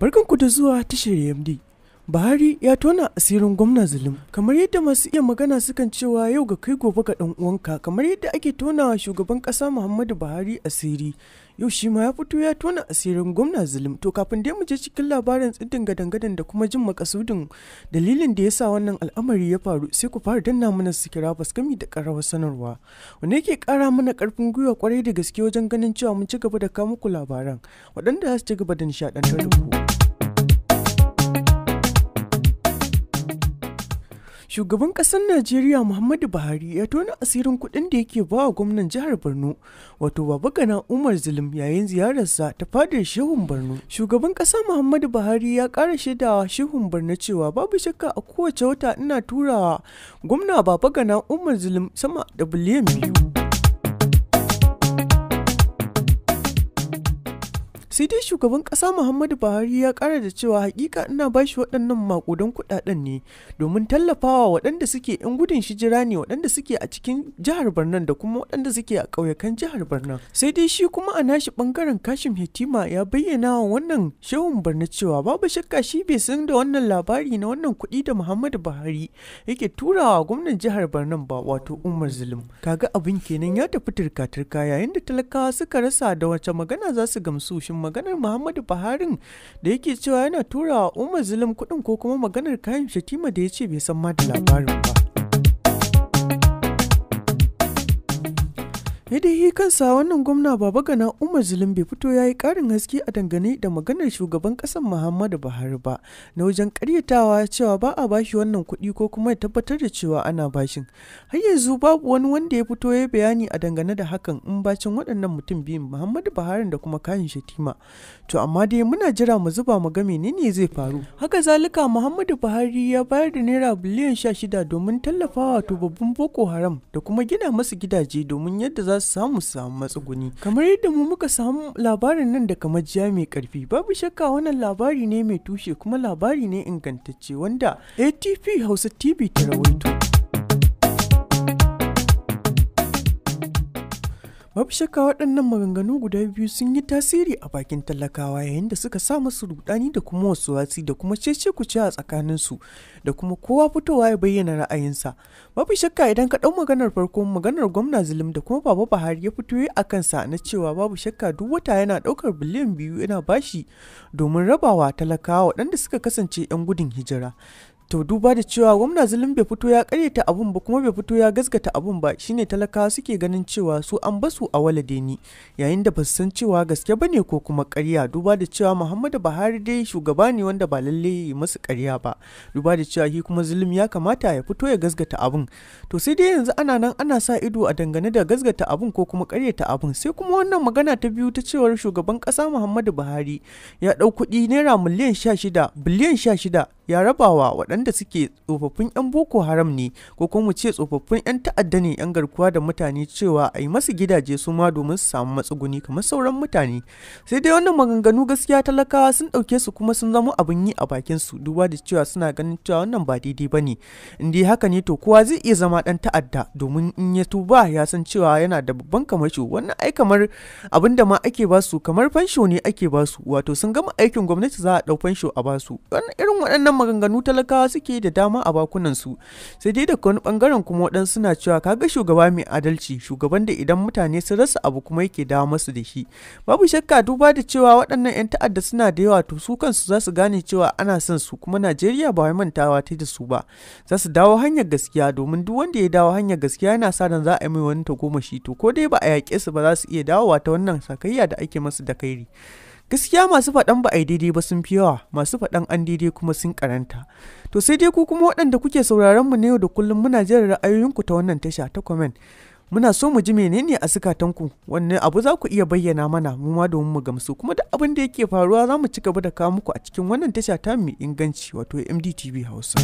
barkan ku da zuwa tashar MD, Buhari ya tona asirin gwamna zulum kamar yadda masu iya magana sukan cewa yau ga kai gobe ga dan uwanka kamar yadda ake tonawa shugaban kasa Muhammadu Buhari asiri yau shi ma ya fito ya tona asirin gwamna zulum to kafin dai mu je cikin labarin tsidin gadangadan da kuma jin makasudin dalilin da yasa wannan al'amari ya faru sai ku fara danna mana sikira baskami da karawa sanarwa wanda yake kara mana karfin gwiwa kwarai da gaske wajen ganin cewa mun ci gaba da kawo muku labaran waɗanda za su ci gaba da nishaɗantar da ku. shugaban ƙasar najeriya muhammadu buhari ya tona asirin kuɗin da yake ba wa gwamnan jihar borno wato babagana umar zulum yayin ziyararsa ta fadar shehun borno shugaban ƙasa muhammadu buhari ya ƙara shaidawa shehun borno cewa babu shakka a kowace wata ina turawa gwamna babagana umar zulum sama da biliyan biyu sai dai shugaban ƙasa muhammadu buhari ya kara da cewa hakika ina ba shi waɗannan makudan kuɗaɗen ne domin tallafawa waɗanda suke 'yan gudun shijira ne waɗanda suke a cikin jihar barnan da kuma waɗanda suke a ƙauyakan jihar barnan sai dai shi kuma a nashi ɓangaren kashim hetima ya bayyana wa wannan shehun barna cewa babu shakka shi bai san da wannan labari na wannan kuɗi da muhammadu buhari yake turawa gwamnan jihar barnan ba wato umar zulum kaga abin kenan ya tafi turka-turka yayin da talakawa suka rasa da wace magana za su gamsu shin maganar Muhammadu buhari da yake cewa yana tura wa Umar Zulum kudin ko kuma maganar kayan Shatima da ya ce bai san ma da labarin ba. Sai dai yi kansa wannan gwamna Baba Gana Umar Zulum bai fito ya yi karin haske a dangane da maganar shugaban kasar Muhammadu Buhari ba na wajen karyatawa cewa ba a bashi wannan kuɗi ko kuma ya tabbatar da cewa ana bashin. Har yanzu babu wani wanda ya fito ya bayani a dangane da hakan in bacin waɗannan mutum biyun Muhammadu Buhari da kuma kayan Shatima. To amma dai muna jira mu zuba mu ga menene zai faru. Haka zalika Muhammadu Buhari ya bayar da naira biliyan shida domin tallafawa to babban Boko Haram da kuma gina masu gidaje domin yadda za zasu samu samu matsuguni kamar yadda mu muka samu labarin nan daga majiya mai karfi babu shakka wannan labari ne mai tushe kuma labari ne ingantacce wanda atp hausa tv ta rawaito Babu shakka waɗannan maganganu guda biyu sun yi tasiri a bakin talakawa yayin da suka sa masu rudani da kuma wasu watsi da kuma cece kuce a tsakanin su da kuma kowa fitowa ya bayyana ra'ayinsa. Babu shakka idan ka ɗau maganar farko maganar gwamna zulum da kuma baba Buhari ya fito a kansa na cewa babu shakka duk wata yana ɗaukar biliyan biyu yana bashi domin rabawa talakawa waɗanda suka kasance 'yan gudun hijira. to duba da cewa gwamna zulum bai fito ya karyata abun ba kuma bai fito ya gaskata abun ba shine talakawa suke ganin cewa su an basu a walade ni yayin da basu san cewa gaske bane ko kuma karya duba da cewa muhammadu buhari dai shugaba ne wanda ba lalle yi masu karya ba duba da cewa shi kuma zulum ya kamata ya fito ya gaskata abun to sai dai yanzu ana nan ana sa ido a dangane da gazgata abun ko kuma karyata abun sai kuma wannan magana ta biyu ta cewar shugaban kasa muhammadu buhari ya dau kuɗi naira miliyan 16 biliyan 16 ya rabawa waɗanda waɗanda suke tsofaffin 'yan boko haram ne ko kuma mu ce tsofaffin 'yan ta'adda ne 'yan garkuwa da mutane cewa a yi masu gidaje su ma domin su samu matsuguni kamar sauran mutane sai dai wannan maganganu gaskiya talakawa sun ɗauke su kuma sun zama abin yi a bakin su duba da cewa suna ganin cewa wannan ba daidai ba ne in dai haka ne to kowa zai iya zama ɗan ta'adda domin in ya tuba ya san cewa yana da babban shi wannan ai kamar abin da ma ake ba su kamar fansho ne ake ba su wato sun gama aikin gwamnati za a ɗau fansho a ba su irin waɗannan maganganu talakawa suke da dama a su Sai dai da wani bangaren kuma waɗansu suna cewa kaga shugaba mai adalci shugaban da idan mutane sun rasa abu kuma yake dawo masu da shi. Babu shakka duba da cewa waɗannan 'yan ta'adda suna da yawa to su kansu za su gane cewa ana son su kuma Najeriya ba wai mantawa ta da su ba. Za su dawo hanyar gaskiya domin duk wanda ya dawo hanyar gaskiya yana sa ran za a yi mai wani tagomashi to ko dai ba a yaƙe su ba za su iya dawowa ta wannan sakayya da ake masu da kairi. gaskiya masu faɗan ba a yi daidai ba sun fi yawa masu faɗan an daidai kuma sun karanta to sai dai ku kuma waɗanda kuke sauraron mu na yau da kullum muna jin ra'ayoyinku ta wannan tasha ta comment muna so mu ji menene a sukatanku wanne abu za ku iya bayyana mana mu ma domin mu gamsu kuma duk abin da yake faruwa za mu ci gaba da kawo muku a cikin wannan tasha ta mai inganci wato MDTV Hausa.